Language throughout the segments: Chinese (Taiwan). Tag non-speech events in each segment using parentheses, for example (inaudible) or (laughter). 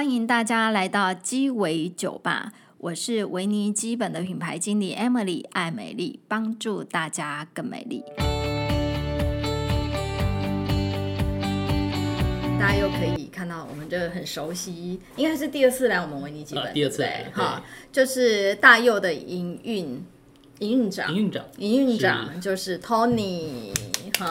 歡迎大家來到肌維酒吧，我是薇霓肌本的品牌經理 Emily 愛美麗，幫助大家更美麗。大家又可以看到，我們這很熟悉，應該是第二次來我們薇霓肌本，呃、對對第二次來哈，就是大侑的營運營運長，營運長，營運長是啊、就是 Tony 哈，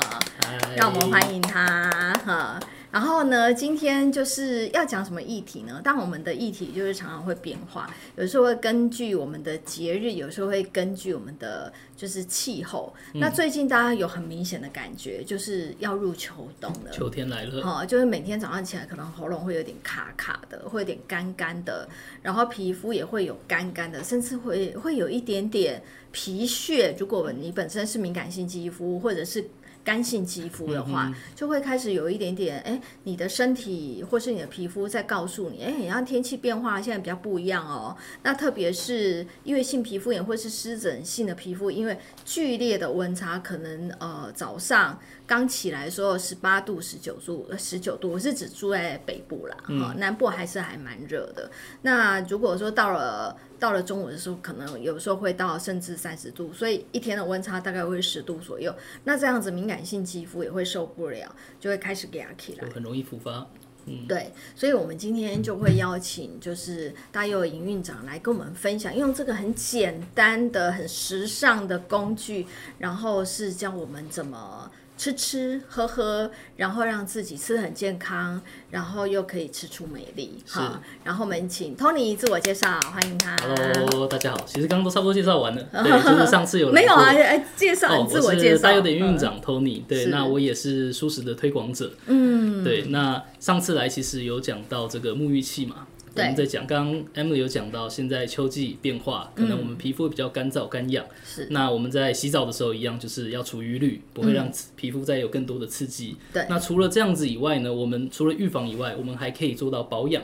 讓我們歡迎他哈。然後呢，今天就是要講什麼議題呢？當我們的議題就是常常會變化，有時候會根據我們的節日，有時候會根據我們的就是氣候。嗯、那最近大家有很明顯的感覺，就是要入秋冬了，秋天來了。好、哦，就是每天早上起來，可能喉嚨會有點卡卡的，會有點乾乾的，然後皮膚也會有乾乾的，甚至會會有一點點皮屑。如果你本身是敏感性肌膚，或者是乾性肌膚的話，就會開始有一點點，哎、欸，你的身體或是你的皮膚在告訴你，哎、欸，好像天氣變化現在比較不一樣哦。那特別是因為性皮膚炎或是濕疹性的皮膚，因為劇烈的溫差，可能呃早上。剛起來的時候十八度十九度十九度，我是只住在北部啦，哈、嗯，南部還是還蠻熱的。那如果說到了到了中午的時候，可能有時候會到甚至三十度，所以一天的溫差大概會十度左右。那這樣子敏感性肌膚也會受不了，就會開始 get up 起來就很容易復發。嗯，對，所以我們今天就會邀請就是大侑營運長來跟我們分享，用這個很簡單的、很時尚的工具，然後是教我們怎麼。吃吃喝喝，然後讓自己吃得很健康，然後又可以吃出美麗。好，然後我們請 Tony 自我介紹，歡迎他。Hello，大家好。其實剛剛都差不多介紹完了， (laughs) 對，就是上次有 (laughs) 沒有啊，哎、介紹、哦、自我介紹，我是大侑的營運長 (laughs) Tony 對。對，那我也是素食的推廣者。嗯， (laughs) 對，那上次來其實有講到這個沐浴器嘛。我們在講，剛剛 M 有講到，現在秋季變化，可能我們皮膚比較乾燥乾、乾、嗯、癢。是，那我們在洗澡的時候一樣，就是要除餘氯，不會讓皮膚再有更多的刺激。對、嗯，那除了這樣子以外呢，我們除了預防以外，我們還可以做到保養。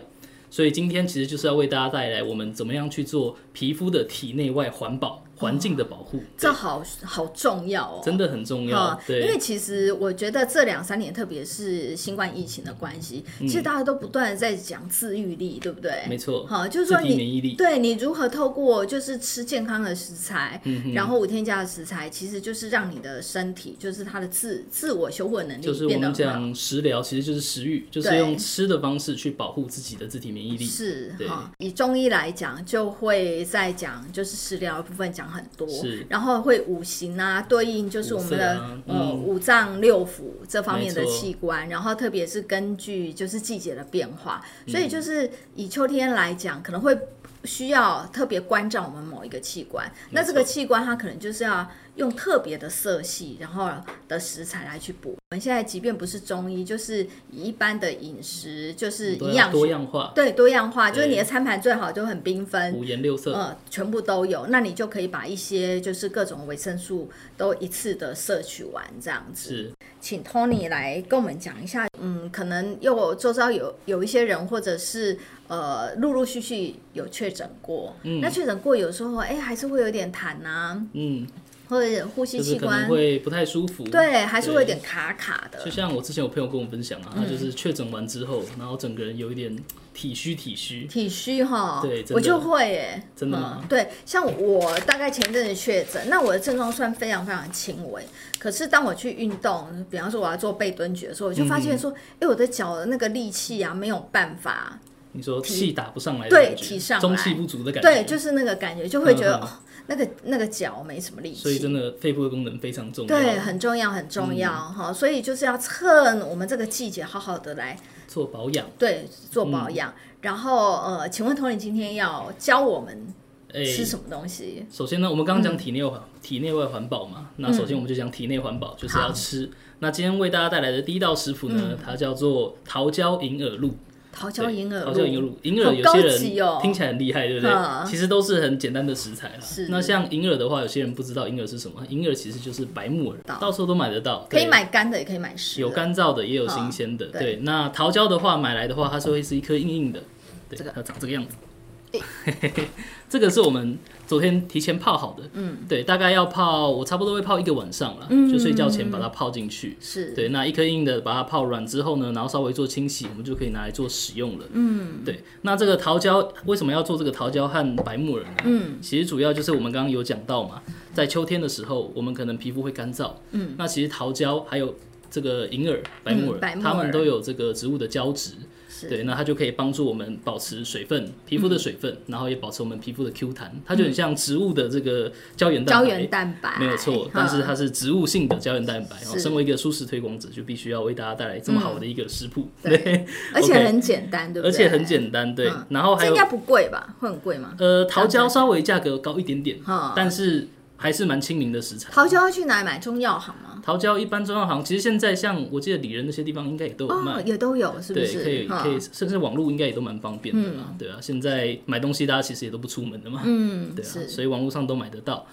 所以今天其實就是要為大家帶來我們怎麼樣去做皮膚的體內外環保。環境的保護、啊，這好好，好重要哦、喔，真的很重要、嗯。對，因為其實我覺得這兩三年，特別是新冠疫情的關係、嗯，其實大家都不斷的在講自癒力，對不對？沒錯，好、嗯，就是、說你，免疫力對你如何透過就是吃健康的食材，嗯、然後無添加的食材，其實就是讓你的身體，就是它的自自我修復能力變得，就是我們講食療，其實就是食欲，就是用吃的方式去保護自己的自體免疫力。是哈、嗯，以中醫來講，就會在講就是食療部分講。很多，然後會五行啊，對應就是我們的呃五色啊，嗯，嗯，五臟六腑這方面的器官，然後特別是根據就是季節的變化，嗯，所以就是以秋天來講，可能會需要特別關照我們某一個器官，那這個器官它可能就是要。用特別的色系，然後的食材來去補。我們現在即便不是中醫，就是一般的飲食，就是營養多，多樣化，對多樣化，就是你的餐盤最好就很繽紛，五顏六色、呃，全部都有，那你就可以把一些就是各種維生素都一次的攝取完，這樣子。是，請 Tony 來跟我們講一下，嗯，可能又周遭有有一些人，或者是呃，陸陸續續有確診過，嗯、那確診過有時候，哎、欸，還是會有點痰啊，嗯。或者呼吸器官、就是、會不太舒服，對，還是會有點卡卡的。就像我之前有朋友跟我分享啊，嗯、他就是確診完之後，然後整個人有一點體虛體虛。體虛哈，對，我就會誒、欸，真的嗎、嗯？對，像我大概前陣子確診，那我的症狀算非常非常輕微，可是當我去運動，比方說我要做背蹲舉的時候，我就發現說，哎、嗯欸，我的腳的那個力氣啊，沒有辦法，你說氣打不上來的，對，提上來中氣不足的感覺，對，就是那個感覺，就會覺得。呵呵那個那個腳沒什麼力氣，所以真的肺部的功能非常重要，對，很重要很重要哈、嗯。所以就是要趁我們這個季節好好的來做保養，對，做保養、嗯。然後呃，請問 Tony，今天要教我們吃什麼東西？欸、首先呢，我們剛剛講體內環、嗯、體內外環保嘛，那首先我們就講體內環保、嗯，就是要吃。那今天為大家帶來的第一道食譜呢、嗯，它叫做桃膠銀耳露。桃膠銀耳，桃膠銀耳，銀耳有些人聽起來很厲害很高級喔，對不對？其實都是很簡單的食材啦。是，那像銀耳的話，有些人不知道銀耳是什麼，銀耳其實就是白木耳，到，到處都買得到，可以買乾的，也可以買濕，有乾燥的，也有新鮮的對。對，那桃膠的話，買來的話它是會是一顆硬硬的、這個，對，它長這個樣子。欸、 (laughs) 這個是我們。昨天提前泡好的，嗯，對，大概要泡，我差不多會泡一個晚上了，嗯，就睡覺前把它泡進去，是對，那一顆硬的把它泡軟之後呢，然後稍微做清洗，我們就可以拿來做使用了，嗯，對，那這個桃膠為什麼要做這個桃膠和白木耳呢？嗯，其實主要就是我們剛剛有講到嘛，在秋天的時候，我們可能皮膚會乾燥，嗯，那其實桃膠還有這個銀耳、白木耳，嗯，它們都有這個植物的膠質。對，那它就可以幫助我們保持水分，皮膚的水分，嗯，然後也保持我們皮膚的 Q 彈，嗯。它就很像植物的這個膠原蛋白，膠原蛋白，沒有錯，哦，但是它是植物性的膠原蛋白，哦。身為一個舒適推廣者，就必須要為大家帶來這麼好的一個食譜，嗯，對，而且很簡單，對，okay, 對，而且很簡單，對不對而且很簡單，對。哦，然後還有應該不貴吧？會很貴嗎？呃，桃膠稍微價格高一點點，嗯，但是。哦還是蠻親民的食材。桃膠要去哪買？中藥行嗎？桃膠一般中藥行，其實現在像我記得裡仁那些地方應該也都有賣，哦、也都有是不是？對，可以，可以，哦、甚至網絡應該也都蠻方便的嘛、嗯，對啊。現在買東西大家其實也都不出門的嘛，嗯，對啊，所以網絡上都買得到。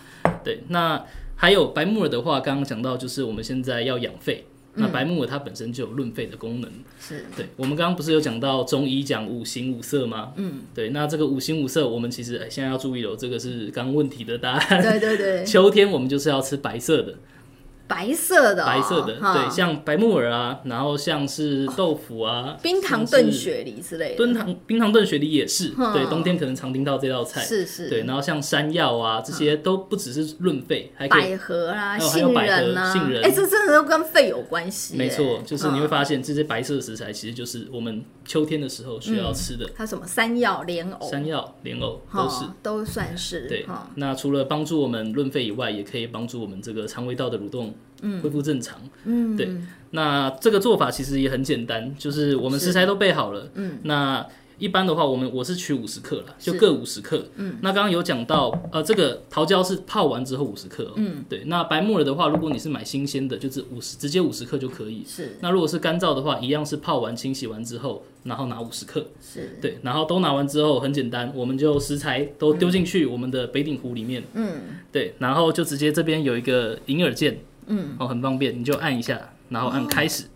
對，那還有白木耳的話，剛剛講到就是我們現在要養肺。那白木耳它本身就有潤肺的功能，嗯，是對。我們剛剛不是有講到中醫講五行五色嗎？嗯，對。那這個五行五色，我們其實、欸、現在要注意哦，這個是剛問題的答案。對對對，秋天我們就是要吃白色的。白色，哦、白色的，白色的，對，像白木耳啊，然後像是豆腐啊，哦、冰糖燉雪梨之類的，糖冰糖冰糖燉雪梨也是、嗯，對，冬天可能常聽到這道菜，是是，對，然後像山藥啊、嗯、這些都不只是潤肺、啊嗯、肺，還可以百合啦、啊，還有百合、杏仁，哎、欸，這真的都跟肺有關係，沒錯，就是你會發現這些白色的食材、嗯、其實就是我們秋天的時候需要吃的，嗯、它什麼山藥、蓮藕，山藥、蓮藕都是、哦、都算是對、哦，那除了幫助我們潤肺以外，也可以幫助我們這個腸胃道的蠕動。嗯，恢復正常嗯。嗯，對,那這個做法其實也很簡單，就是我們食材都備好了。嗯，那一般的話，我們我是取五十克了，就各五十克。嗯，那剛剛有講到，呃，這個桃膠是泡完之後五十克喔。嗯，對，那白木耳的話，如果你是買新鮮的，就是五十直接五十克就可以。是，那如果是乾燥的話，一樣是泡完清洗完之後，然後拿五十克。是，對，然後都拿完之後，很簡單，我們就食材都丟進去我們的北鼎壺裡面。嗯，對，然後就直接這邊有一個銀耳鍵。嗯，哦，很方便，你就按一下，然後按開始。哦，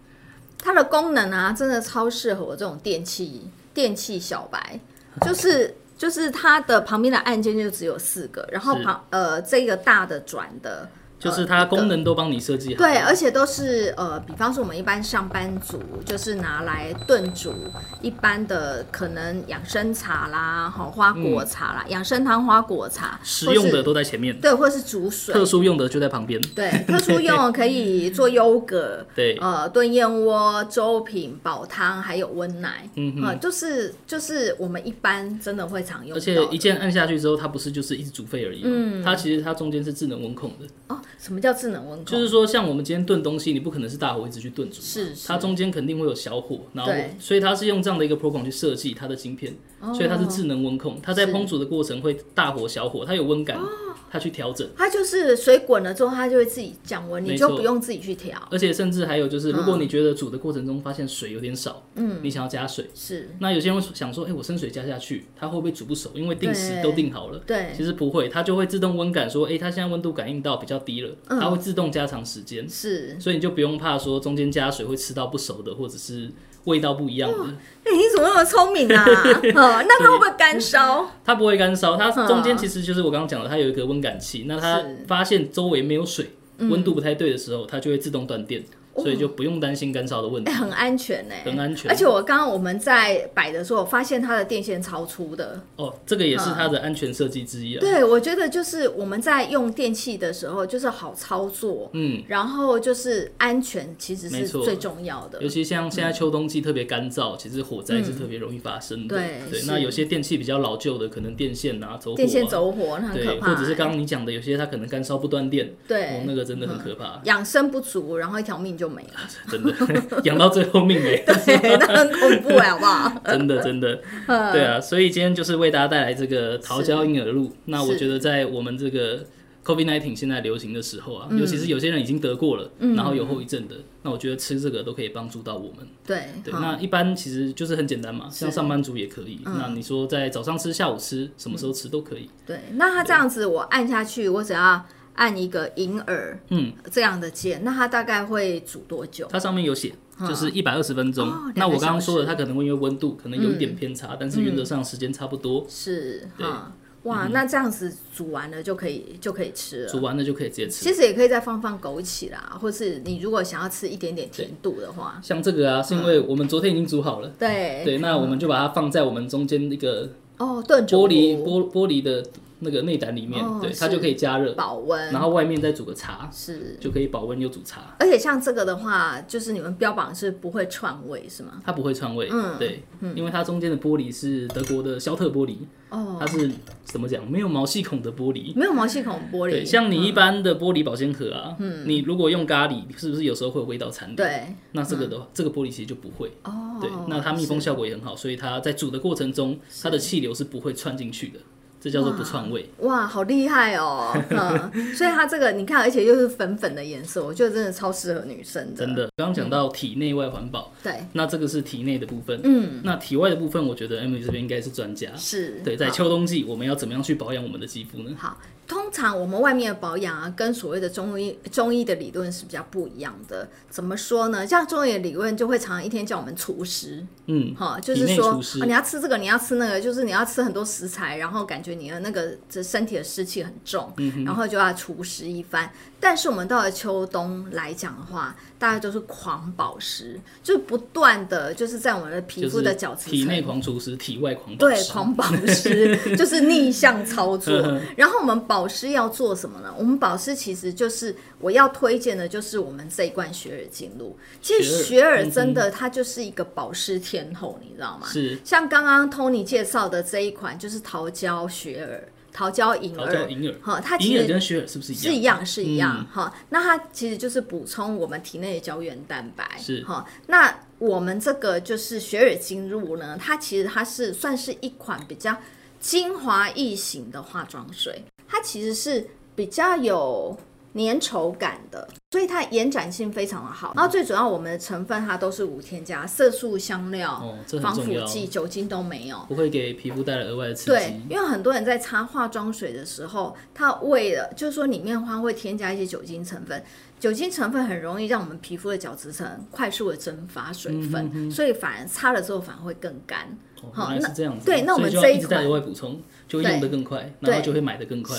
它的功能啊，真的超適合我這種電器電器小白，就是，okay. 就是它的旁邊的按鍵就只有四個，然後旁呃這個大的轉的。就是它功能都幫你設計好，呃、對，而且都是呃，比方說我們一般上班族就是拿來燉煮一般的可能養生茶啦，好、喔、花果茶啦，養、嗯、生湯花果茶，使用的都在前面，對，或者是煮水，特殊用的就在旁邊，對，特殊用可以做優格，對、 (laughs) 呃嗯，呃，燉燕窩、粥品、煲湯，還有溫奶，嗯，啊，就是就是我們一般真的會常用，而且一鍵按下去之後，它、嗯、不是就是一直煮沸而已嘛，嗯，它其實它中間是智能溫控的、哦，什麼叫智能溫控？就是說，像我們今天燉東西，你不可能是大火一直去燉煮，是，是它中間肯定會有小火，然後所以它是用這樣的一個 program 去設計它的芯片，oh, 所以它是智能溫控，oh, 它在烹煮的過程會大火小火，它有溫感、哦，它去調整。它就是水滾了之後，它就會自己降溫，你就不用自己去調。而且甚至還有就是，如果你覺得煮的過程中發現水有點少，嗯，你想要加水，是那有些人會想說，哎、欸，我深水加下去，它會不會煮不熟？因為定時都定好了，對，其實不會，它就會自動溫感說，哎、欸，它現在溫度感應到比較低了。它會自動加長時間、嗯，是，所以你就不用怕說中間加水會吃到不熟的，或者是味道不一樣的。哦欸、你怎麼那麼聰明啊？ (laughs) 哦，那它會不會乾燒、嗯？它不會乾燒，它中間其實就是我剛剛講的，它有一個溫感器、嗯，那它發現周圍沒有水，溫度不太對的時候，嗯、它就會自動斷電。哦、所以就不用擔心乾燒的問題，很安全呢，很安全、欸很安全。而且我剛剛我們在擺的時候，發現它的電線超粗的。哦，這個也是它的安全設計之一、啊嗯。對，我覺得就是我們在用電器的時候，就是好操作，嗯，然後就是安全其實是最重要的。尤其像現在秋冬季特別乾燥、嗯，其實火災是特別容易發生的。嗯、對，對，那有些電器比較老舊的，可能電線啊，走火啊電線走火，那很可怕、欸。或者是剛剛你講的，有些它可能乾燒不斷電，對、哦，那個真的很可怕。養、嗯、生不足，然後一條命就。就沒了， (laughs) 真的養到最後命沒，那很恐怖哎，好不好？ (laughs) (laughs) 真的，真的，對啊。所以今天就是為大家帶來這個桃膠嬰兒露。那我覺得在我們這個 COVID-19 現在流行的時候啊，尤其是有些人已經得過了，嗯、然後有後遺症的、嗯，那我覺得吃這個都可以幫助到我們。對對。那一般其實就是很簡單嘛，像上班族也可以、嗯。那你說在早上吃、下午吃，什麼時候吃都可以。嗯、對，那他這樣子，我按下去，我只要。按一個銀耳，嗯，這樣的鍵，那它大概會煮多久？它上面有寫、嗯，就是一百二十分鐘、哦。那我剛剛說的，它可能會因為溫度可能有一點偏差，嗯、但是原則上時間差不多。嗯、是啊，哇、嗯，那這樣子煮完了就可以就可以吃了，煮完了就可以直接吃。其實也可以再放放枸杞啦，或是你如果想要吃一點點甜度的話，像這個啊，是因為我們昨天已經煮好了。嗯、對對、嗯、對，那我們就把它放在我們中間那個哦燉玻璃、哦嗯、玻璃玻璃玻璃的。那個內膽裡面，oh, 對，它就可以加熱保溫，然後外面再煮個茶，是就可以保溫又煮茶。而且像這個的話，就是你們標榜是不會串味，是嗎？它不會串味，嗯，對，嗯、因為它中間的玻璃是德國的肖特玻璃，哦、oh.，它是怎麼講？沒有毛細孔的玻璃，沒有毛細孔玻璃。對，像你一般的玻璃保鮮盒啊，嗯，你如果用咖喱，是不是有時候會有味道殘留？對，那這個的話、嗯，這個玻璃其實就不會，哦、oh,，對，那它密封效果也很好，所以它在煮的過程中，它的氣流是不會串進去的。這叫做不串味，哇，好厲害哦、喔！ (laughs) 所以它這個你看，而且又是粉粉的顏色，我覺得真的超適合女生的。真的，剛剛講到體內外環保，對、嗯，那這個是體內的部分，嗯，那體外的部分，我覺得 M V 這邊應該是專家，是對，在秋冬季我們要怎麼樣去保養我們的肌膚呢？好。通常我們外面的保養啊，跟所謂的中醫中醫的理論是比較不一樣的。怎麼說呢？像中醫的理論就會常常一天叫我們除濕，嗯，哈，就是說、哦、你要吃這個，你要吃那個，就是你要吃很多食材，然後感覺你的那個這身體的濕氣很重，然後就要除濕一番、嗯。但是我們到了秋冬來講的話，大家都是狂保濕，就是不斷的就是在我們的皮膚的角質層，就是、體內狂除濕，體外狂保濕。對，狂保濕， (laughs) 就是逆向操作。呵呵，然後我們保保濕要做什麼呢？我們保濕其實就是我要推薦的，就是我們這一罐雪耳精露。其實雪耳真的，它就是一個保濕天後、嗯，你知道嗎？是。像剛剛 Tony 介紹的這一款，就是桃膠雪耳、桃膠銀耳、銀耳。好，它其實跟雪耳是不是是一樣？是一樣。好，嗯，那它其實就是補充我們體內的膠原蛋白。是。好，那我們這個就是雪耳精露呢？它其實它是算是一款比較。精華液型的化妝水，它其實是比較有粘稠感的，所以它延展性非常的好。然、嗯、後最主要，我們的成分它都是無添加，色素、香料、哦、防腐劑、酒精都沒有，不會給皮膚帶來額外的刺激。對，因為很多人在擦化妝水的時候，它為了就是說裡面的話會添加一些酒精成分。酒精成分很容易讓我們皮膚的角質層快速的蒸發水分，嗯哼哼，所以反而擦了之後反而會更乾，哦哦。原來是這樣子。對，那我們這一款，再額外補充，就會用的更快，然後就會買的更快，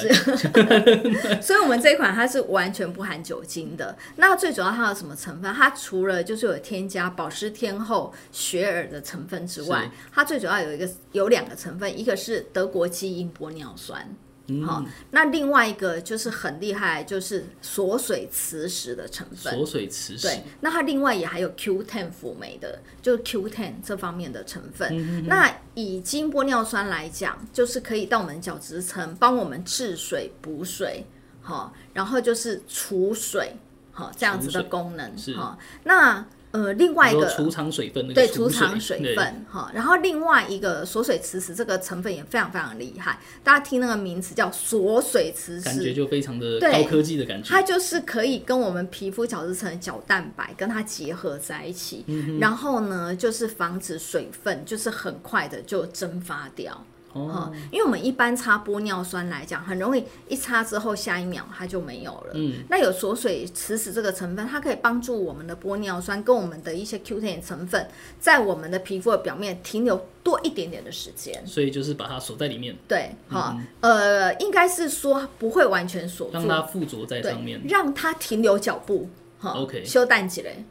更快。 (laughs) 所以我們這一款它是完全不含酒精的。那最主要它有什麼成分？它除了就是有添加保濕天后雪耳的成分之外，它最主要有一個有兩個成分，一個是德國基因玻尿酸。好、嗯哦，那另外一個就是很厲害，就是鎖水磁石的成分，鎖水磁石。對，那它另外也還有 Q10 輔酶的，就 Q10 這方面的成分、嗯哼哼。那以金玻尿酸來講，就是可以到我們角質層幫我們治水補水，好、哦，然後就是儲水，好、哦，這樣子的功能，好、哦，那呃，另外一個儲藏水分的，那個，對，儲藏水分哈。然後另外一個鎖水磁石，這個成分也非常非常厲害，大家聽那個名詞叫鎖水磁石，感覺就非常的高科技的感覺。它就是可以跟我們皮膚角質層的角蛋白跟它結合在一起，嗯、然後呢，就是防止水分就是很快的就蒸發掉。哦，因為我們一般擦玻尿酸來講，很容易一擦之後下一秒它就沒有了。嗯，那有鎖水磁石這個成分，它可以幫助我們的玻尿酸跟我們的一些 Q10 成分，在我們的皮膚的表面停留多一點點的時間。所以就是把它鎖在裡面。對，好、嗯哦，呃，應該是說不會完全鎖住，讓它附着在上面，讓它停留腳步。哈 o 修淡起來，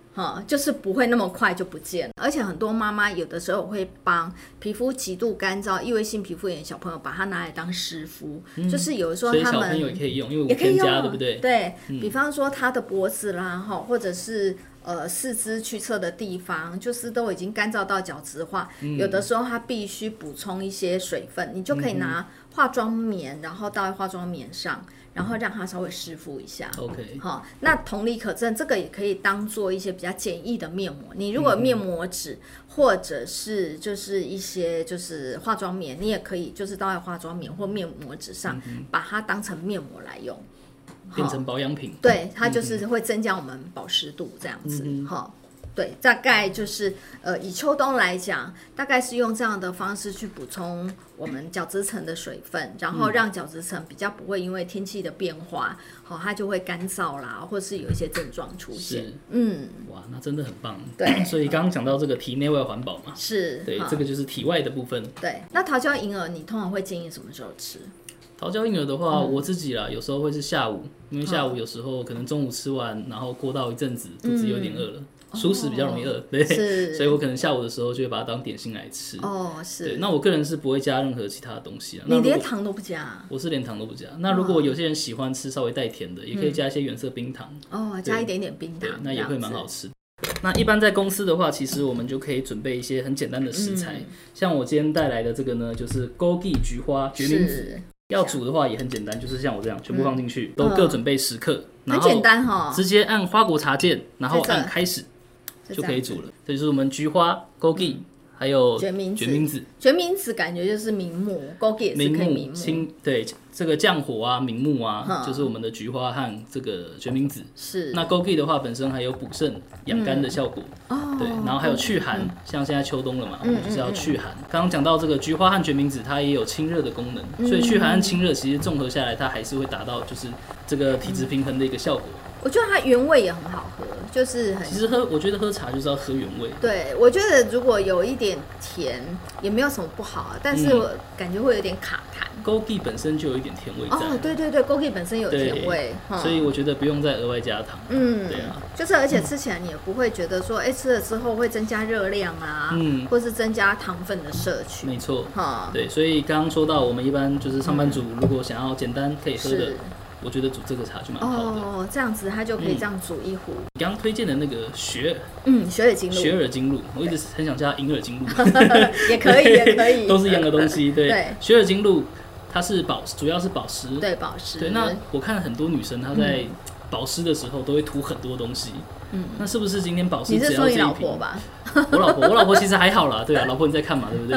就是不會那麼快就不見了。而且很多媽媽有的時候會幫皮膚極度乾燥、異位性皮膚炎的小朋友把它拿來當濕敷、嗯，就是有的時候他們也可以用，因為家也可以用加，對不對？對、嗯、比方說他的脖子啦，哈，或者是、呃、四肢屈側的地方，就是都已經乾燥到角質化、嗯，有的時候他必須補充一些水分，你就可以拿化妝棉、嗯，然後倒在化妝棉上。然後讓它稍微濕敷一下，OK，好、哦。那同理可證，嗯、這個也可以當做一些比較簡易的面膜。你如果面膜紙或者是就是一些就是化妝棉，你也可以就是倒在化妝棉或面膜紙上，把它當成面膜來用，嗯、變成保養品。對，它就是會增加我們保濕度這樣子，好、嗯。嗯對，大概就是呃，以秋冬來講，大概是用這樣的方式去補充我們角質層的水分，然後讓角質層比較不會因為天氣的變化，好、嗯哦，它就會乾燥啦，或是有一些症狀出現。嗯，哇，那真的很棒。對， (coughs) 所以剛剛講到這個體內外環保嘛，是對、嗯，這個就是體外的部分。對，那桃膠銀耳，你通常會建議什麼時候吃？桃膠銀耳的話、嗯，我自己啦，有時候會是下午，因為下午有時候可能中午吃完，然後過到一陣子，肚子有點餓了。嗯熟食比較容易餓、哦，對，所以我可能下午的時候就會把它當點心來吃。哦，是，那我個人是不會加任何其他的東西啊，你連糖都不加。哦、我是連糖都不加、哦。那如果有些人喜歡吃稍微帶甜的、嗯，也可以加一些原色冰糖。哦，加一點點冰糖，那也會蠻好吃。那一般在公司的話，其實我們就可以準備一些很簡單的食材，嗯、像我今天帶來的這個呢，就是枸杞、菊花、決明子。要煮的話也很簡單，就是像我這樣全部放進去、嗯，都各準備十克、嗯。很簡單哈、哦，直接按花果茶鍵，然後按開始。就可以煮了。這所以就是我們菊花、枸杞，還有決明子。決明子，感覺就是明目，枸杞也是可以明目。清對這個降火啊，明目啊，就是我們的菊花和這個決明子。是。那枸杞的話，本身還有補腎養肝的效果、嗯。對，然後還有祛寒、嗯，像現在秋冬了嘛，我、嗯、們、嗯嗯、就是要祛寒。剛剛講到這個菊花和決明子，它也有清熱的功能，所以祛寒和清熱其實綜合下來，它還是會達到就是這個體質平衡的一個效果。嗯嗯我覺得它原味也很好喝，就是很。其實喝，我覺得喝茶就是要喝原味。對，我覺得如果有一點甜也沒有什麼不好啊，但是我感覺會有點卡痰。枸杞、嗯、本身就有一點甜味。哦，對對對，枸杞本身有甜味，所以我覺得不用再額外加糖。嗯，對啊，就是而且吃起來你也不會覺得說，哎、欸，吃了之後會增加熱量啊，嗯，或是增加糖分的攝取。沒錯，哈，對，所以剛剛說到我們一般就是上班族，如果想要簡單可以喝的。我覺得煮這個茶就蠻好的。哦，這樣子它就可以這樣煮一壺。你剛剛推薦的那個雪，嗯，雪耳精露。雪耳精露，我一直很想叫它銀耳精露。 (laughs) 也可以， (laughs) 也可以。都是一樣的東西，對。對雪耳精露，它是保，主要是保濕，對保濕。對。那對我看很多女生她在保濕的時候都會塗很多東西。嗯、那是不是今天保濕只要這一瓶？你是說你老婆吧？ (laughs) 我老婆，我老婆其實還好啦，對啊，老婆你在看嘛，對不對？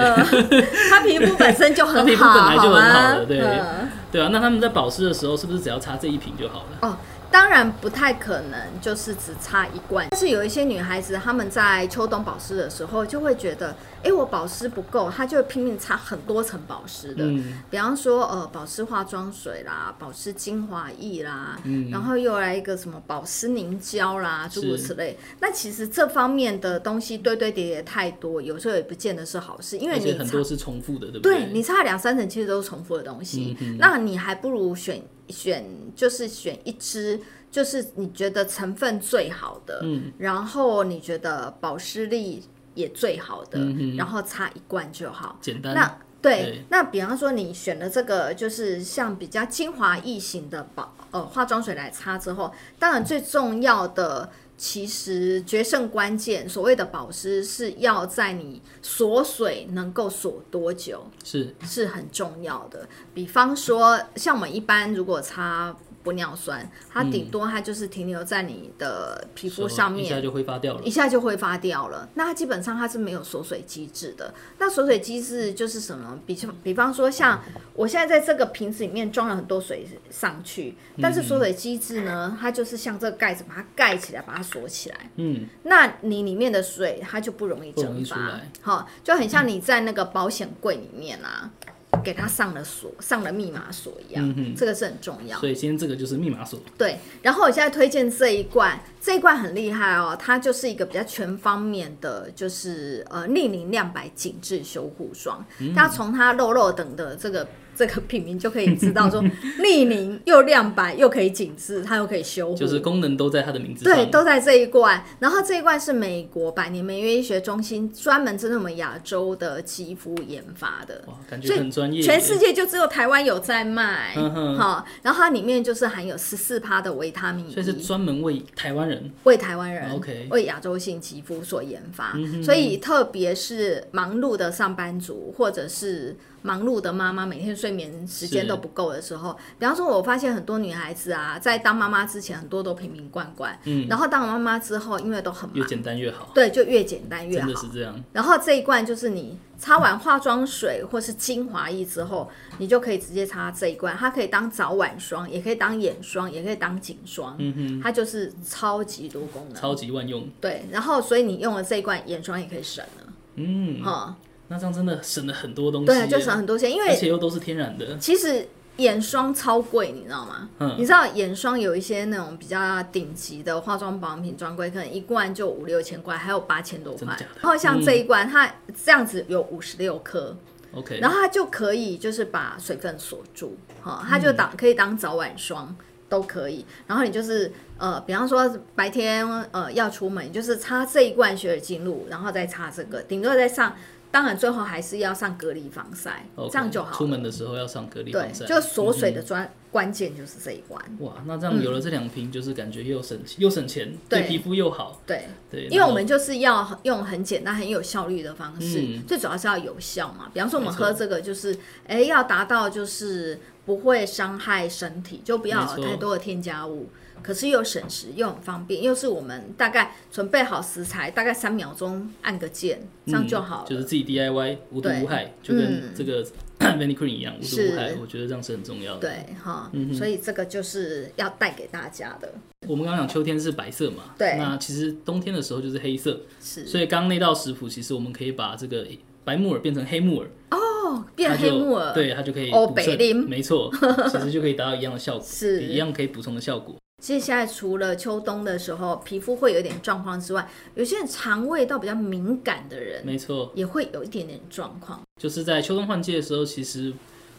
她、呃、皮膚本身就很好，她 (laughs) 皮膚本來就很好的，對、呃、對啊。那他們在保濕的時候，是不是只要擦這一瓶就好了？哦、呃，當然不太可能，就是只擦一罐。但是有一些女孩子，她們在秋冬保濕的時候，就會覺得。因為我保濕不夠，他就拼命擦很多層保濕的、嗯。比方說，呃，保濕化妝水啦，保濕精華液啦，嗯、然後又來一個什麼保濕凝膠啦，諸如此類。那其實這方面的東西堆堆疊疊太多，有時候也不見得是好事，因為你擦很多是重複的，對不對？對，你擦兩三層其實都是重複的東西，嗯、那你還不如選選，就是選一支，就是你覺得成分最好的，嗯、然後你覺得保濕力。也最好的、嗯，然後擦一罐就好。簡單。那對，對，那比方說你選的這個就是像比較精華液型的保呃化妝水來擦之後，當然最重要的、嗯、其實決勝關鍵，所謂的保濕是要在你鎖水能夠鎖多久，是是很重要的。比方說像我們一般如果擦。玻尿酸，它頂多它就是停留在你的皮膚上面，嗯、so, 一下就揮發掉了，一下就揮發掉了。那它基本上它是沒有鎖水機制的。那鎖水機制就是什麼？比比方說，像我現在在這個瓶子裡面裝了很多水上去，但是鎖水機制呢，它就是像這個蓋子把它蓋起來，把它鎖起來。嗯，那你裡面的水它就不容易蒸發，出來，好，就很像你在那個保險櫃裡面啊。嗯給他上了鎖，上了密碼鎖一樣，嗯，這個是很重要。所以今天這個就是密碼鎖。對，然後我現在推薦這一罐。這一罐很厲害哦，它就是一個比較全方面的，就是呃逆齡亮白緊緻修護霜。嗯、大家它從它“肉肉等”的這個這個品名就可以知道說，說逆齡又亮白又可以緊緻，它又可以修護，就是功能都在它的名字上。對，都在這一罐。然後這一罐是美國百年梅約醫學中心專門針對我們亞洲的肌膚研發的。哇，感覺很專業。全世界就只有台灣有在賣，嗯好、哦，然後它裡面就是含有十四趴的維他命 E，所以是專門為台灣人。為台灣人，okay。為亞洲性肌膚所研發，嗯哼。所以特別是忙碌的上班族，或者是。忙碌的媽媽每天睡眠時間都不夠的時候，比方說，我發現很多女孩子啊，在當媽媽之前，很多都瓶瓶罐罐。嗯。然後當媽媽之後，因為都很忙。越簡單越好。對，就越簡單越好。真的是這樣。然後這一罐就是你擦完化妝水或是精華液之後，你就可以直接擦這一罐，它可以當早晚霜，也可以當眼霜，也可以當頸霜。嗯哼。它就是超級多功能。超級萬用。對。然後，所以你用了這一罐眼霜，也可以省了。嗯。嗯那這樣真的省了很多東西，對、啊，就省很多錢，因為而且又都是天然的。其實眼霜超貴，你知道嗎？嗯，你知道眼霜有一些那種比較頂級的化妝保養品專櫃，可能一罐就五六千塊，還有八千多塊。的的然後像這一罐，嗯、它這樣子有五十六顆，OK，然後它就可以就是把水分鎖住，哈，它就當、嗯、可以當早晚霜都可以。然後你就是呃，比方說白天呃要出門，就是擦這一罐雪耳精露，然後再擦這個，頂多再上。當然，最後還是要上隔離防曬，okay, 這樣就好。出門的時候要上隔離防曬，就鎖水的專、嗯嗯、關鍵就是這一關。哇，那這樣有了這兩瓶、嗯，就是感覺又省錢又省錢，對皮膚又好。對對，因為我們就是要用很簡單、很有效率的方式，最、嗯、主要是要有效嘛。比方說，我們喝這個，就是哎、欸，要達到就是不會傷害身體，就不要太多的添加物。可是又省時又很方便，又是我們大概準備好食材，大概三秒鐘按個鍵、嗯、這樣就好了。就是自己 DIY 無毒無害，就跟這個 Vanicream 一樣無毒無害。我覺得這樣是很重要的。對哈、嗯，所以這個就是要帶給大家的。我們剛剛講秋天是白色嘛，、嗯，對。那其實冬天的時候就是黑色，是。所以剛剛那道食譜，其實我們可以把這個白木耳變成黑木耳哦，變黑木耳，它對它就可以哦，北林沒錯，其實就可以達到一樣的效果， (laughs) 是一樣可以補充的效果。其實現在除了秋冬的時候皮膚會有點狀況之外，有些人腸胃道比較敏感的人，沒錯，也會有一點點狀況。就是在秋冬換季的時候，其實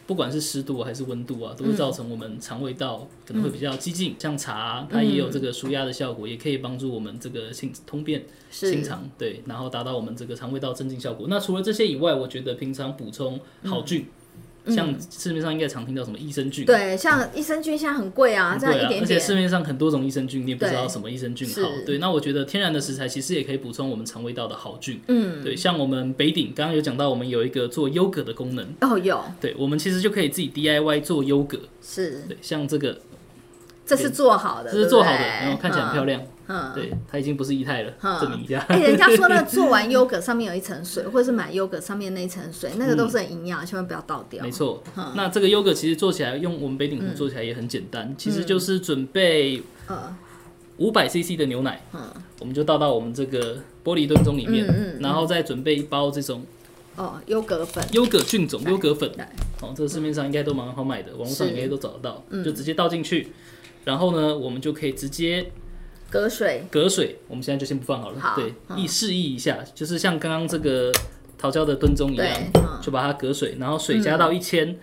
不管是濕度還是溫度啊，都會造成我們腸胃道可能會比較激進。嗯、像茶，它也有這個舒壓的效果、嗯，也可以幫助我們這個性通便、清腸，對，然後達到我們這個腸胃道鎮靜效果。那除了這些以外，我覺得平常補充好菌。嗯嗯像市面上應該常聽到什麼益生菌？對，像益生菌現在很貴啊，嗯，啊，這樣一點點。而且市面上很多種益生菌，你也不知道什麼益生菌好對。對，那我覺得天然的食材其實也可以補充我們腸胃道的好菌。嗯，對，像我們北鼎剛剛有講到，我們有一個做優格的功能。哦，有。對，我們其實就可以自己 DIY 做優格。是。對，像這個這，這是做好的，這是做好的，對對，然後看起來很漂亮。嗯嗯，對，它已經不是液態了，嗯，證明一下，欸。哎，人家說的做完優格上面有一層水， (laughs) 或者是買優格上面那一層水，那個都是很營養，千，嗯，萬不要倒掉。沒錯，嗯，那這個優格其實做起來用我們北鼎做起來也很簡單，嗯，其實就是準備五百 cc 的牛奶嗯嗯，嗯，我們就倒到我們這個玻璃燉盅裡面，嗯，嗯，嗯，然後，嗯，嗯，嗯，然後再準備一包這種哦優格粉優格菌種優格粉，哦，這個市面上應該都蠻好買的，嗯，網絡上應該都找得到，嗯，就直接倒進去，嗯，然後呢，我們就可以直接。隔水，隔水，我們現在就先不放好了。好，對，示示意一下，嗯、就是像剛剛這個桃膠的燉盅一樣、嗯，就把它隔水，然後水加到一千、嗯，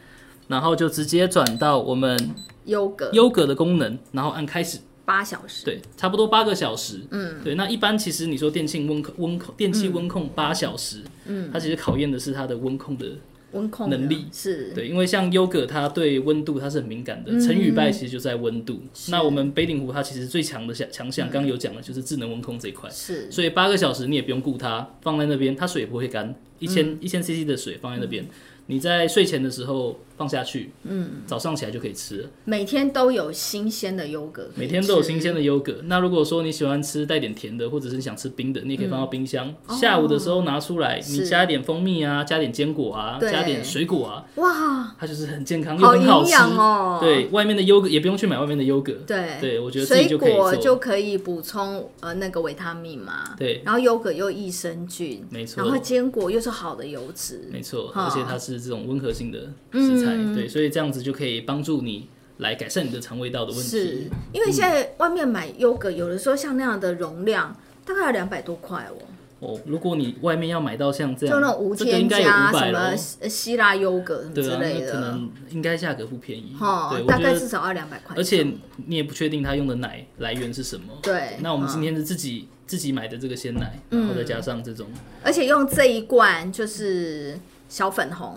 然後就直接轉到我們優格優格的功能，然後按開始，八小時，對，差不多八個小時。嗯，對，那一般其實你說電器溫控溫控電器溫控八小時，嗯，它其實考驗的是它的溫控的。能力，是對，因為像優格，它對溫度它是很敏感的，成與敗其實就在溫度。那我們北鼎壺它其實最強的強項，剛剛有講了，就是智能溫控這一塊。所以八個小時你也不用顧它，放在那邊，它水也不會乾。一千一千 CC 的水放在那邊。嗯嗯你在睡前的時候放下去，嗯，早上起來就可以吃了。每天都有新鮮的優格，每天都有新鮮的優格。那如果說你喜歡吃帶點甜的，或者是你想吃冰的，你也可以放到冰箱，嗯。下午的時候拿出來，哦，你加一點蜂蜜啊，加點堅果啊，加點水果啊。哇，它就是很健康，又很好吃。好營養哦。對，外面的優格也不用去買外面的優格。對，對我覺得水果就可以補充呃那個維他命嘛。對，然後優格又益生菌，沒錯。然後堅果又是好的油脂，沒錯，嗯，而且它是。這種溫和性的食材，嗯，對，所以這樣子就可以幫助你來改善你的腸胃道的問題。因為現在外面買優格，嗯，有的時候像那樣的容量大概要兩百多塊哦。哦，如果你外面要買到像這樣，就那種無添加什麼希臘優格什麼之類的，啊，可能應該價格不便宜。哦，對，大概至少要兩百塊。而且你也不確定它用的奶來源是什麼。對，對，那我們今天是自己，哦，自己買的這個鮮奶，然後再加上這種，嗯，而且用這一罐就是。小粉紅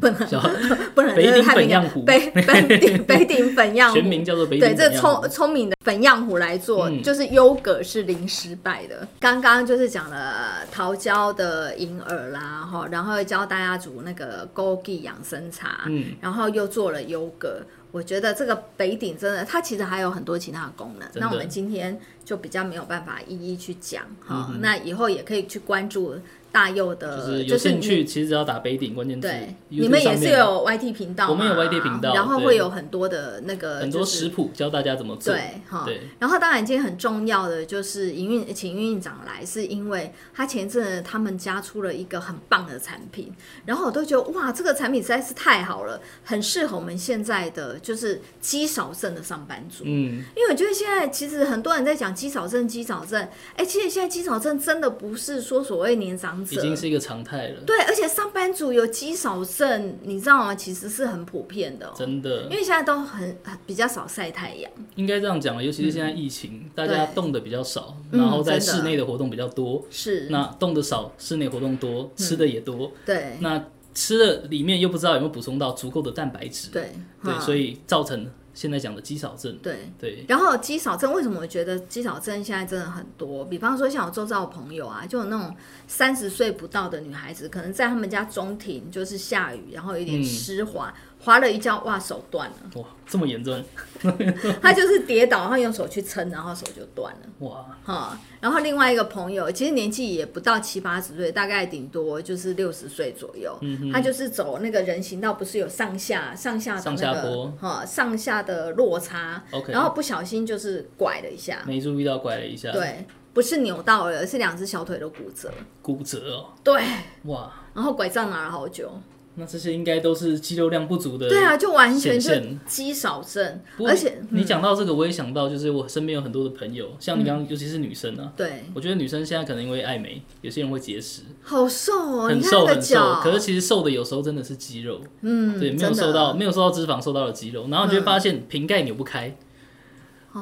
不能頂 (laughs) 不能， (laughs) 不能北頂粉樣湖 (laughs) 北北頂北頂粉樣湖全名叫做北頂。對，這聰、個、聰明的粉樣湖來做、嗯、就是優格是零失敗的。剛、嗯、剛就是講了桃膠的銀耳啦哈，然後又教大家煮那個枸杞養生茶、嗯，然後又做了優格。我覺得這個北頂真的，它其實還有很多其他的功能。那我們今天就比較沒有辦法一一去講哈、嗯，那以後也可以去關注。大侑的、就是、有興趣、就是你，其實只要打杯頂關鍵字對，你們也是有 YT 頻道，我們有 YT 頻道，然後會有很多的那個、就是、很多食譜教大家怎麼做。對哈，然後當然今天很重要的就是營運，請營運長來，是因為他前陣他們家出了一個很棒的產品，然後我都覺得哇，這個產品實在是太好了，很適合我們現在的就是肌少症的上班族。嗯，因為我覺得現在其實很多人在講肌少症，肌少症，哎、欸，其實現在肌少症真的不是說所謂年長。已經是一個常態了。對，而且上班族有肌少症，你知道嗎？其實是很普遍的、喔。真的，因為現在都很比較少曬太陽。應該這樣講了，尤其是現在疫情，嗯、大家動的比較少，然後在室內的活動比較多。是、嗯。那動的少，室內活動多，吃的也多、嗯。對。那吃的裡面又不知道有沒有補充到足夠的蛋白質。對，對。對，所以造成。現在講的肌少症，對對，然後肌少症為什麼我覺得肌少症現在真的很多？比方說像我周遭的朋友啊，就有那種三十歲不到的女孩子，可能在他們家中庭就是下雨，然後有點濕滑。嗯滑了一跤，哇，手斷了！哇，這麼嚴重？ (laughs) 他就是跌倒，然後用手去撐，然後手就斷了。哇，哈、哦。然後另外一個朋友，其實年紀也不到七八十歲，大概頂多就是六十歲左右。嗯哼，他就是走那個人行道，不是有上下、上下的那個哈上、哦、上下的落差。OK。然後不小心就是拐了一下。沒注意到拐了一下。對，不是扭到了，是兩隻小腿都骨折。骨折哦。對。哇。然後拐杖拿了好久。那這些應該都是肌肉量不足的，對啊，就完全是肌少症。而且、嗯、你講到這個，我也想到，就是我身邊有很多的朋友，像你剛剛、嗯，尤其是女生啊，對，我覺得女生現在可能因為愛美，有些人會節食，好瘦哦，很瘦，你看很，瘦很瘦。可是其實瘦的有時候真的是肌肉，嗯，對，沒有瘦到沒有瘦到脂肪，瘦到了肌肉，然後你就會發現瓶蓋、嗯、扭不開。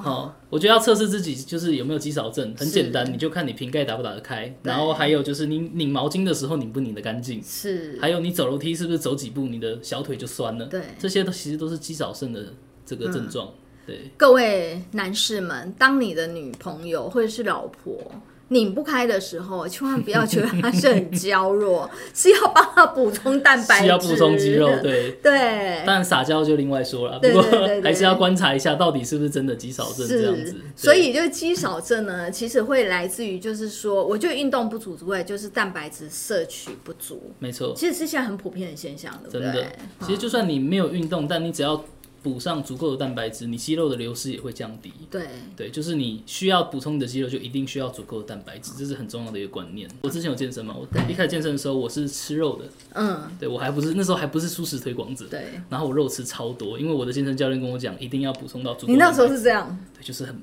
好、oh, oh,，我覺得要測試自己就是有沒有肌少症，很簡單，你就看你瓶蓋打不打得開，然後還有就是你擰毛巾的時候擰不擰得乾淨，是，還有你走樓梯是不是走幾步你的小腿就酸了，對，這些都其實都是肌少症的這個症狀、嗯，對。各位男士們，當你的女朋友或者是老婆。擰不開的時候，千萬不要覺得它是很嬌弱 (laughs) 是幫補，是要幫他補充蛋白質，要補充肌肉，對對。但撒嬌就另外說了，不過還是要觀察一下，到底是不是真的肌少症這樣子。所以，就肌少症呢，其實會來自於，就是說，嗯、我就運動不足之外，就是蛋白質攝取不足，沒錯。其實是現在很普遍的現象，對不對真的？其實就算你沒有運動、啊，但你只要。補上足夠的蛋白質，你肌肉的流失也會降低。對對，就是你需要補充你的肌肉，就一定需要足夠的蛋白質。哦，這是很重要的一個觀念。啊。我之前有健身嘛，我一開始健身的時候，我是吃肉的。嗯，對，我還不是那時候還不是素食推廣者。對，然後我肉吃超多，因為我的健身教練跟我講，一定要補充到足夠。你那時候是這樣，對，就是很。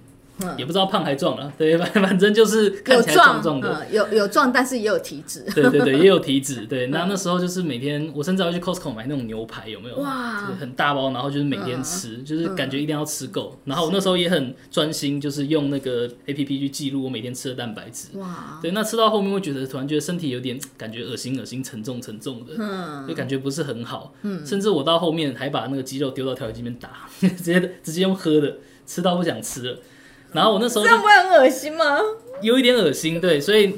也不知道胖還壯了，對，反反正就是看起來壯壯的，有、嗯、有壯，但是也有體脂。對對對，也有體脂。對，嗯、那那時候就是每天，我甚至要去 Costco 買那種牛排，有沒有、啊？哇，這個、很大包，然後就是每天吃，嗯、就是感覺一定要吃夠、嗯。然後我那時候也很專心，就是用那個 APP 去記錄我每天吃的蛋白質。哇，對，那吃到後面會覺得突然覺得身體有點感覺噁心噁心，沉重沉重的，嗯、就感覺不是很好、嗯。甚至我到後面還把那個雞肉丟到調理機裡面打，直接直接用喝的，吃到不想吃了。然後我那時候，這樣不會很噁心嗎？有一點噁心，對，所以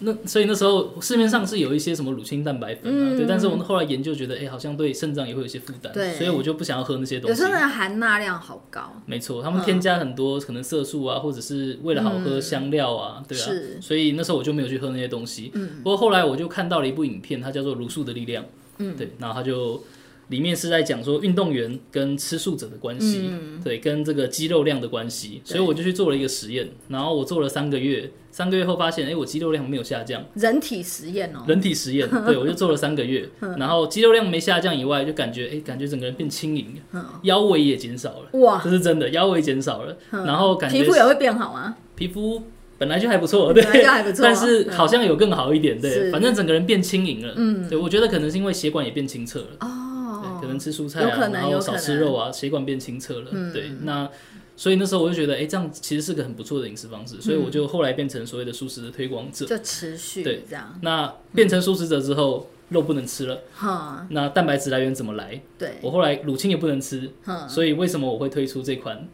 那所以那時候市面上是有一些什麼乳清蛋白粉啊，嗯、對，但是我們後來研究覺得，哎、欸，好像對腎臟也會有一些負擔，對，所以我就不想要喝那些東西。有時真的含鈉量好高，沒錯，他們添加很多、嗯、可能色素啊，或者是為了好喝香料啊，對啊，所以那時候我就沒有去喝那些東西、嗯。不過後來我就看到了一部影片，它叫做《茹素的力量》，嗯，對，然後他就。裡面是在講說運動員跟吃素者的關係、嗯，對，跟這個肌肉量的關係，所以我就去做了一個實驗，然後我做了三個月，三個月後發現，哎、欸，我肌肉量沒有下降。人體實驗哦。人體實驗，對我就做了三個月， (laughs) 然後肌肉量沒下降以外，就感覺哎、欸，感覺整個人變輕盈，嗯、腰圍也減少了，哇，這是真的，腰圍減少了、嗯，然後感覺皮膚也會變好啊，皮膚本來就還不錯，對，還不錯、啊、但是好像有更好一點，對，對反正整個人變輕盈了，嗯，對，我覺得可能是因為血管也變清澈了、哦能吃蔬菜啊，然後少吃肉啊，血管變清澈了。嗯、對，那所以那時候我就覺得，誒、欸，這樣其實是個很不錯的飲食方式、嗯。所以我就後來變成所謂的素食的推廣者，就持續對這樣對。那變成素食者之後、嗯，肉不能吃了，哈、嗯，那蛋白質來源怎麼來？對、嗯、我後來乳清也不能吃，所以為什麼我會推出這款？嗯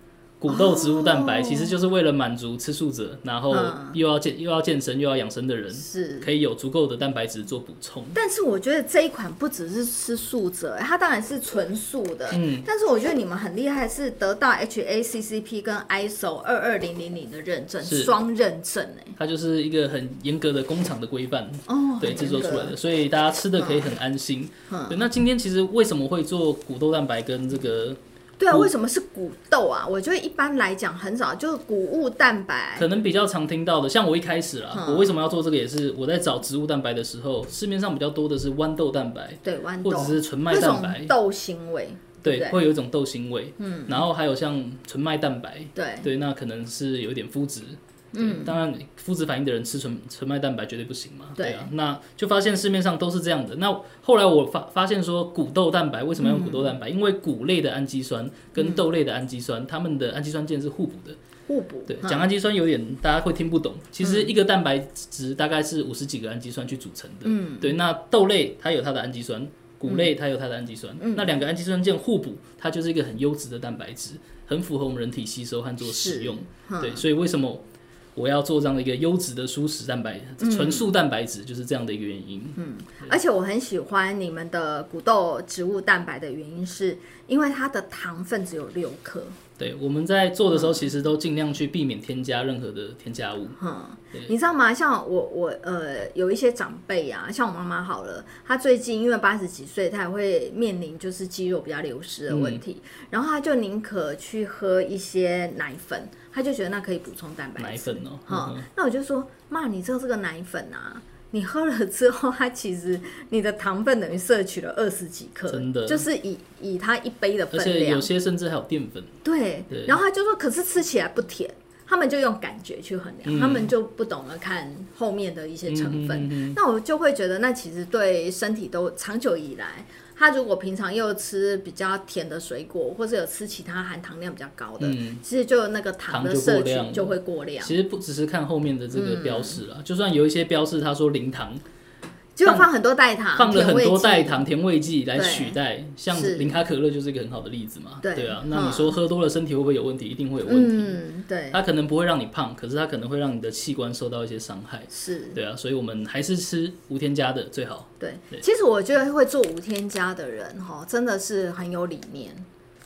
土豆植物蛋白其實就是為了滿足吃素者，oh, 然後又要健、嗯、又要健身又要養生的人，是，可以有足夠的蛋白質做補充。但是我覺得這一款不只是吃素者，它當然是純素的。嗯，但是我覺得你們很厲害，是得到 HACCP 跟 ISO 二二零零零的認證，雙認證。它就是一個很嚴格的工廠的規範，哦、oh，對，製作出來的，所以大家吃的可以很安心、嗯嗯。對，那今天其實為什麼會做骨豆蛋白跟這個？對啊，為什麼是穀豆啊？我覺得一般來講很少，就是穀物蛋白，可能比較常聽到的。像我一開始啦、嗯，我為什麼要做這個也是我在找植物蛋白的時候，市面上比較多的是豌豆蛋白，對豌豆或者是純麥蛋白，有種豆腥味對對，對，會有一種豆腥味，嗯，然後還有像純麥蛋白對，對，那可能是有一點麩質。嗯，當然，膚質反應的人吃純純麥蛋白絕對不行嘛，對。對啊，那就發現市面上都是這樣的。那後來我發發現說，穀豆蛋白為什麼要用穀豆蛋白？嗯、因為穀類的氨基酸跟豆類的氨基酸，嗯、它們的氨基酸鍵是互補的。互補。對，講氨基酸有點、嗯、大家會聽不懂。其實一個蛋白質大概是五十幾個氨基酸去組成的、嗯。對，那豆類它有它的氨基酸，穀類它有它的氨基酸。嗯、那兩個氨基酸鍵互補，它就是一個很優質的蛋白質，很符合我們人體吸收和做使用。嗯、對，所以為什麼？我要做這樣的一個優質的蔬食蛋白、純素蛋白質，嗯，就是這樣的一個原因。嗯，而且我很喜歡你們的穀豆植物蛋白的原因，是因為它的糖分只有六克。對，我們在做的時候，其實都盡量去避免添加任何的添加物。哈、嗯，你知道嗎？像我我呃有一些長輩呀、啊，像我媽媽好了，她最近因為八十幾歲，她也會面臨就是肌肉比較流失的問題、嗯，然後她就寧可去喝一些奶粉，她就覺得那可以補充蛋白質。奶粉哦，哈，那我就說媽，你知道這個奶粉啊？你喝了之後，它其實你的糖分等於攝取了二十幾克，真的，就是以以它一杯的分量，而且有些甚至還有澱粉，對。對，然後他就說，可是吃起來不甜，他們就用感覺去衡量，嗯，他們就不懂得看後面的一些成分。嗯嗯嗯嗯，那我就會覺得，那其實對身體都長久以來。他如果平常又吃比較甜的水果，或者有吃其他含糖量比較高的，嗯、其實就那個糖的攝取就，就會過量。其實不只是看後面的這個標示啦，嗯，就算有一些標示，他說零糖，就放很多代糖，放了很多代糖甜味劑來取代，像零卡可樂就是一個很好的例子嘛。對，對啊、嗯，那你說喝多了身體會不會有問題？一定會有問題。嗯，對。它可能不會讓你胖，可是它可能會讓你的器官受到一些傷害。是，對啊。所以我們還是吃無添加的最好。對，對，其實我覺得會做無添加的人哈，真的是很有理念。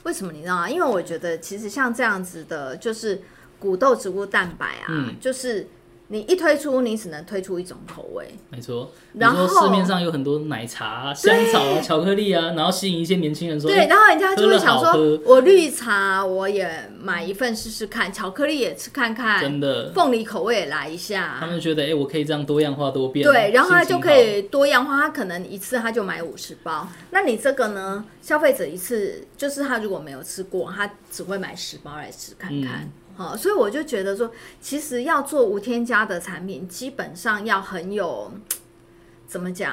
為什麼你知道啊？因為我覺得其實像這樣子的，就是谷豆植物蛋白啊，嗯、就是。你一推出，你只能推出一種口味。沒錯，然後市面上有很多奶茶、香草、巧克力啊，然後吸引一些年輕人說。對，然後人家就會想說，哎，我綠茶我也買一份試試看，巧克力也吃看看，真的，鳳梨口味也來一下。他們覺得，哎，我可以這樣多樣化多變。對，然後他就可以多樣化，多樣化，他可能一次他就買五十包。那你這個呢？消費者一次就是他如果沒有吃過，他只會買十包來吃看看。嗯啊、哦，所以我就覺得說，其實要做無添加的產品，基本上要很有，怎麼講，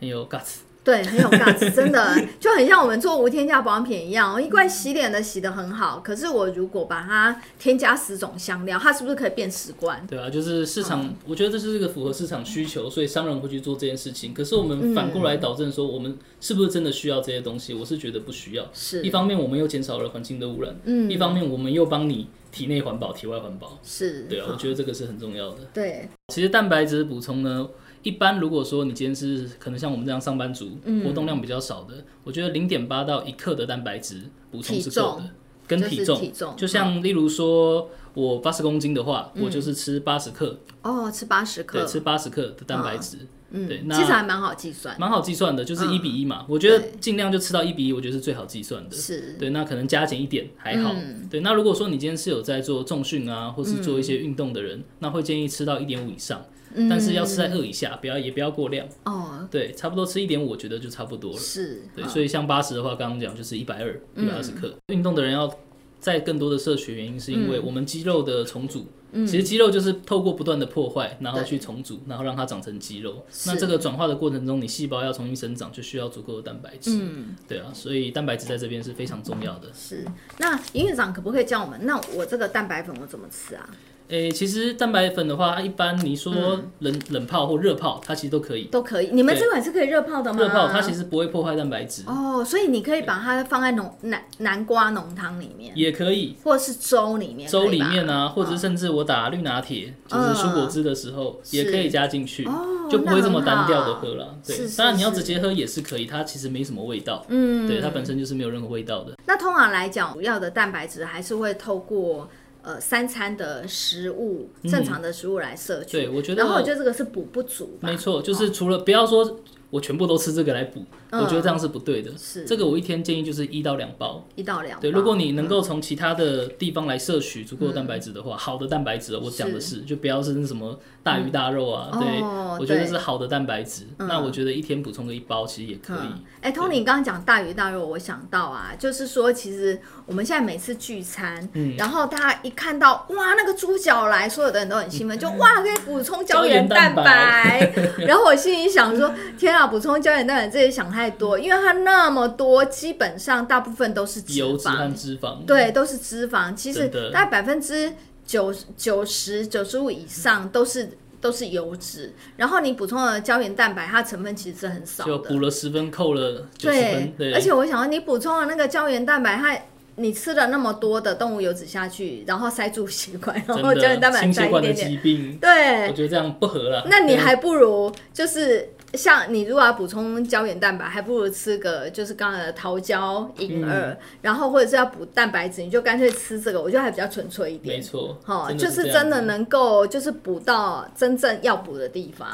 很有 guts。 (laughs) 對，很有價值，真的就很像我們做無添加保養品一樣。一罐洗臉的洗得很好，可是我如果把它添加十種香料，它是不是可以變十罐？對啊，就是市場，我覺得這是一個符合市場需求，所以商人會去做這件事情。可是我們反過來導證說，我們是不是真的需要這些東西？嗯、我是覺得不需要。是一方面，我們又減少了環境的污染；嗯，一方面，我們又幫你體內環保、體外環保。是對啊，我覺得這個是很重要的。對，其實蛋白質補充呢。一般如果說你今天是可能像我們這樣上班族，活動量比較少的，我覺得零點八到一克的蛋白質補充是夠的，跟體重、就是、體重，就像例如說我八十公斤的話，嗯、我就是吃八十克，嗯，哦，吃八十克，對，吃八十克的蛋白質，嗯，嗯，對，那其實還蠻好計算，蠻好計算的，就是一比一嘛，嗯，我覺得盡量就吃到一比一，我覺得是最好計算的，是，對，那可能加減一點還好，嗯，對，那如果說你今天是有在做重訓啊，或是做一些運動的人，嗯，那會建議吃到一點五以上。但是要吃在餓以下、嗯，不要也不要過量。哦，對，差不多吃一點，我覺得就差不多了。是，對，哦、所以像八十的話，剛剛講就是一百二，一百二十克。運動的人要再更多的攝取，原因是因為我們肌肉的重組，嗯、其實肌肉就是透過不斷的破壞、嗯，然後去重組，然後去重組，然後讓它長成肌肉。那這個轉化的過程中，你細胞要重新生長，就需要足夠的蛋白質、嗯。對啊，所以蛋白質在這邊是非常重要的。是，那營運長可不可以教我們？那我這個蛋白粉我怎麼吃啊？哎、欸，其實蛋白粉的話，它一般你說冷、嗯、冷泡或熱泡，它其實都可以。都可以，你們這款是可以熱泡的嗎？熱泡，它其實不會破壞蛋白質。哦，所以你可以把它放在濃南南瓜濃湯裡面，也可以，或是粥裡面，粥裡面啊，或者甚至我打綠拿鐵、哦，就是蔬果汁的時候，嗯、也可以加進去，就不會這麼單調的喝了、哦。對，當然你要直接喝也是可以，它其實沒什麼味道。嗯，對，它本身就是沒有任何味道的。那通常來講，主要的蛋白質還是會透過。呃，三餐的食物，正常的食物來攝取、嗯。對，我覺得，然後我覺得這個是補不足吧？沒錯，就是除了、哦、不要說，我全部都吃這個來補。嗯、我覺得這樣是不對的。是這個，我一天建議就是一到兩包。一到兩。包。對，如果你能夠從其他的地方來攝取足夠的蛋白質的話，嗯，好的蛋白質，我講的是，就不要是那什麼大魚大肉啊。嗯、對哦對。我覺得是好的蛋白質，嗯。那我覺得一天補充個一包其實也可以。哎、嗯、，Tony，、欸、你剛剛講大魚大肉，我想到啊，就是說其實我們現在每次聚餐，嗯，然後大家一看到哇那個豬腳來，所有的人都很興奮，嗯，就哇可以補充膠原蛋白。蛋白 (laughs) 然後我心裡想說，天啊，補充膠原蛋白，這些想太多，因為它那麼多，基本上大部分都是脂肪，油脂和脂肪，對、嗯，都是脂肪。其實大概百分之九十、九十九十五以上都是、嗯、都是油脂。然後你補充了膠原蛋白，它成分其實是很少的。就補了十分，扣了分，對，對。而且我想說，你補充了那個膠原蛋白，它你吃了那麼多的動物油脂下去，然後塞住血管，然後膠原蛋白塞一點點，對，我覺得這樣不合了。那你還不如就是。像你如果要補充膠原蛋白，還不如吃個就是剛才的桃膠銀耳，然後或者是要補蛋白質，你就乾脆吃這個，我覺得還比較純粹一點。沒錯，哈、嗯，就是真的能夠就是補到真正要補的地方，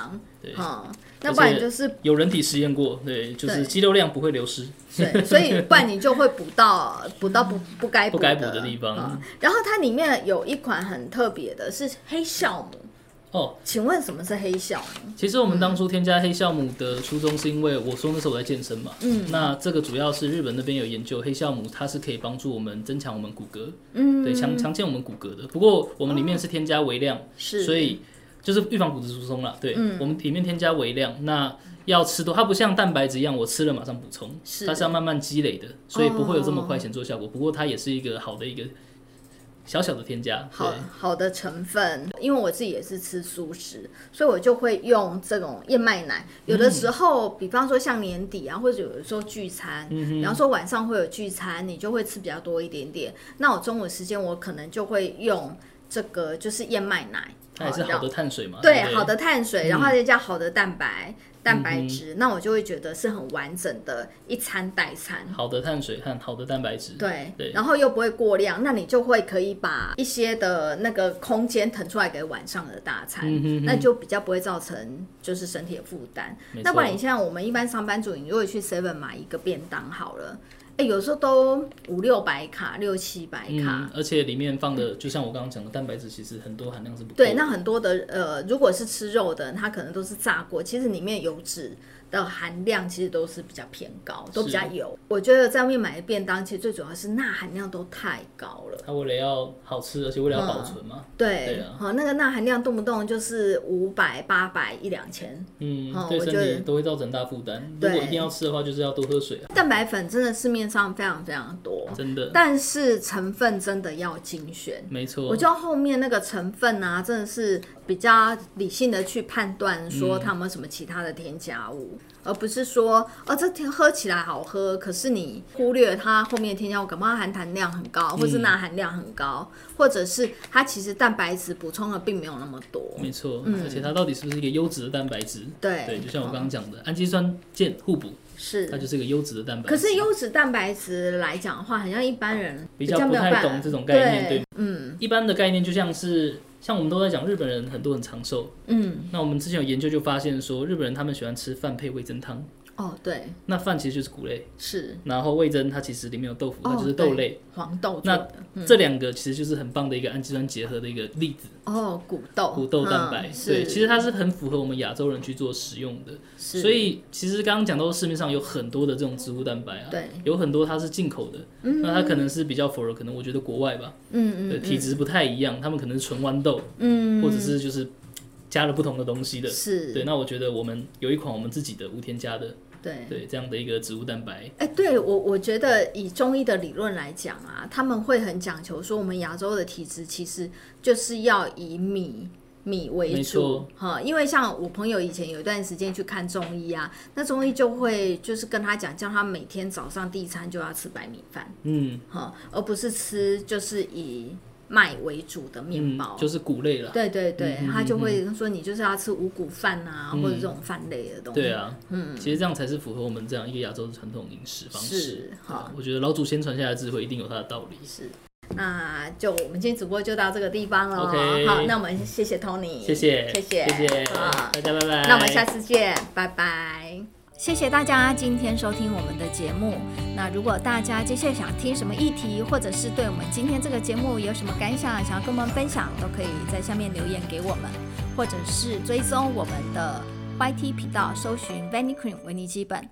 啊、嗯，那不然就是有人體實驗過，對，就是肌肉量不會流失，對，對所以不然你就會補到補 (laughs) 到不不該補的，的地方、嗯。然後它裡面有一款很特別的是黑酵母。哦、oh，請問什麼是黑酵母？其實我們當初添加黑酵母的初衷是因為我說那時候我在健身嘛。嗯，那這個主要是日本那邊有研究黑酵母，它是可以幫助我們增強我們骨骼，嗯，對，強強健我們骨骼的。不過我們裡面是添加微量，哦、是，所以就是預防骨質疏鬆了。對、嗯，我們裡面添加微量，那要吃多，它不像蛋白質一樣，我吃了馬上補充是，它是要慢慢積累的，所以不會有這麼快顯著效果、哦。不過它也是一個好的一個。小小的添加，好好的成分。因為我自己也是吃素食，所以我就會用這種燕麥奶。有的時候、嗯，比方說像年底啊，或者有的時候聚餐嗯嗯，比方說晚上會有聚餐，你就會吃比較多一點點。那我中午時間，我可能就會用這個，就是燕麥奶。還是好的碳水嘛？對,對，好的碳水，然後再加好的蛋白、嗯、蛋白質、嗯，那我就會覺得是很完整的一餐代餐。好的碳水和好的蛋白質，對對，然後又不會過量，那你就會可以把一些的那個空間騰出來給晚上的大餐、嗯哼哼，那就比較不會造成就是身體的負擔。那不然你像我們一般上班族，你就會去 Seven 買一個便當好了。哎、欸，有時候都五六百卡，六七百卡，嗯、而且裡面放的，就像我剛剛講的，蛋白質其實很多含量是不夠的。對。那很多的呃，如果是吃肉的，它可能都是炸過，其實裡面油脂。的含量其實都是比較偏高，都比較油。我覺得在外面買的便當，其實最主要是鈉含量都太高了。它為了要好吃，而且為了要保存嘛。嗯、對，好、嗯，那個鈉含量動不動就是五百、八百、一兩千。嗯，對身體都會造成大負擔。如果一定要吃的話，就是要多喝水、啊。蛋白粉真的市面上非常非常多，真的。但是成分真的要精選。沒錯，我覺得後面那個成分啊，真的是。比較理性的去判斷，說它有沒有什麼其他的添加物，嗯、而不是說，哦，這天喝起來好喝，可是你忽略了它後面的添加物，搞不好含糖量很高，或是鈉含量很高、嗯，或者是它其實蛋白質補充的並沒有那麼多。沒錯、嗯，而且它到底是不是一個優質的蛋白質？對，就像我剛剛講的，氨、嗯、基酸鍵互補，是它就是一個優質的蛋白。可是優質蛋白質來講的話，好像一般人比較,比較不太懂這種概念對，對，嗯，一般的概念就像是。像我們都在講日本人很多很長壽，嗯，那我們之前有研究就發現說日本人他們喜歡吃飯配味噌湯。哦、oh，對，那飯其實就是穀類，是。然後味噌它其實裡面有豆腐，oh, 它就是豆類，黃豆、嗯。那這兩個其實就是很棒的一個氨基酸結合的一個例子。哦，穀豆，穀豆蛋白，嗯、對，其實它是很符合我們亞洲人去做食用的。所以其實剛剛講到市面上有很多的這種植物蛋白啊，對，有很多它是進口的、嗯，那它可能是比較否認，可能我覺得國外吧，嗯嗯，嗯，體質不太一樣，他們可能是純豌豆，嗯，或者是就是。加了不同的東西的，是對。那我覺得我們有一款我們自己的無添加的，對對這樣的一個植物蛋白，欸。哎，對我我覺得以中醫的理論來講啊，他們會很講求說我們亞洲的體質其實就是要以米米為主哈。沒錯。因為像我朋友以前有一段時間去看中醫啊，那中醫就會就是跟他講，叫他每天早上第一餐就要吃白米飯，嗯哈，而不是吃就是以。麥為主的麵包、嗯，就是穀類了。對對對，嗯、他就會說你就是要吃五穀飯啊、嗯，或者這種飯類的東西。對啊，嗯，其實這樣才是符合我們這樣一個亞洲的傳統飲食方式。是、哦、我覺得老祖先傳下來的智慧一定有它的道理。是，那就我們今天直播就到這個地方了。Okay, 好，那我們謝謝 Tony，謝謝謝謝謝謝，好，大家拜拜，那我們下次見，拜拜。謝謝大家今天收聽我們的節目。那如果大家接下來想聽什麼議題，或者是對我們今天這個節目有什麼感想，想要跟我們分享，都可以在下面留言給我們，或者是追蹤我們的 YT 頻道，搜尋 Vanicream 薇霓肌本。